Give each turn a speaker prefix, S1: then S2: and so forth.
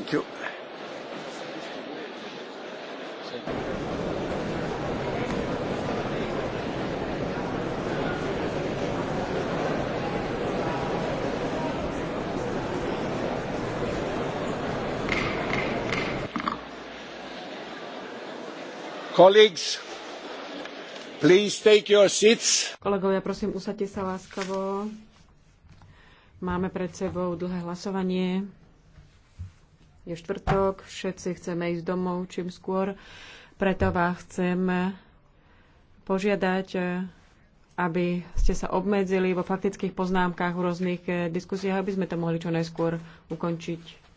S1: Thank you.
S2: Colleagues,
S3: please
S4: take your seats.
S3: Kolegovia, prosím, usadte sa láskavo. Máme pred sebou dlhé hlasovanie. Je štvrtok, všetci chceme ísť domov čím skôr, preto vás chcem požiadať, aby ste sa obmedzili vo faktických poznámkach v rôznych eh, diskusiách, aby sme to mohli čo najskôr ukončiť.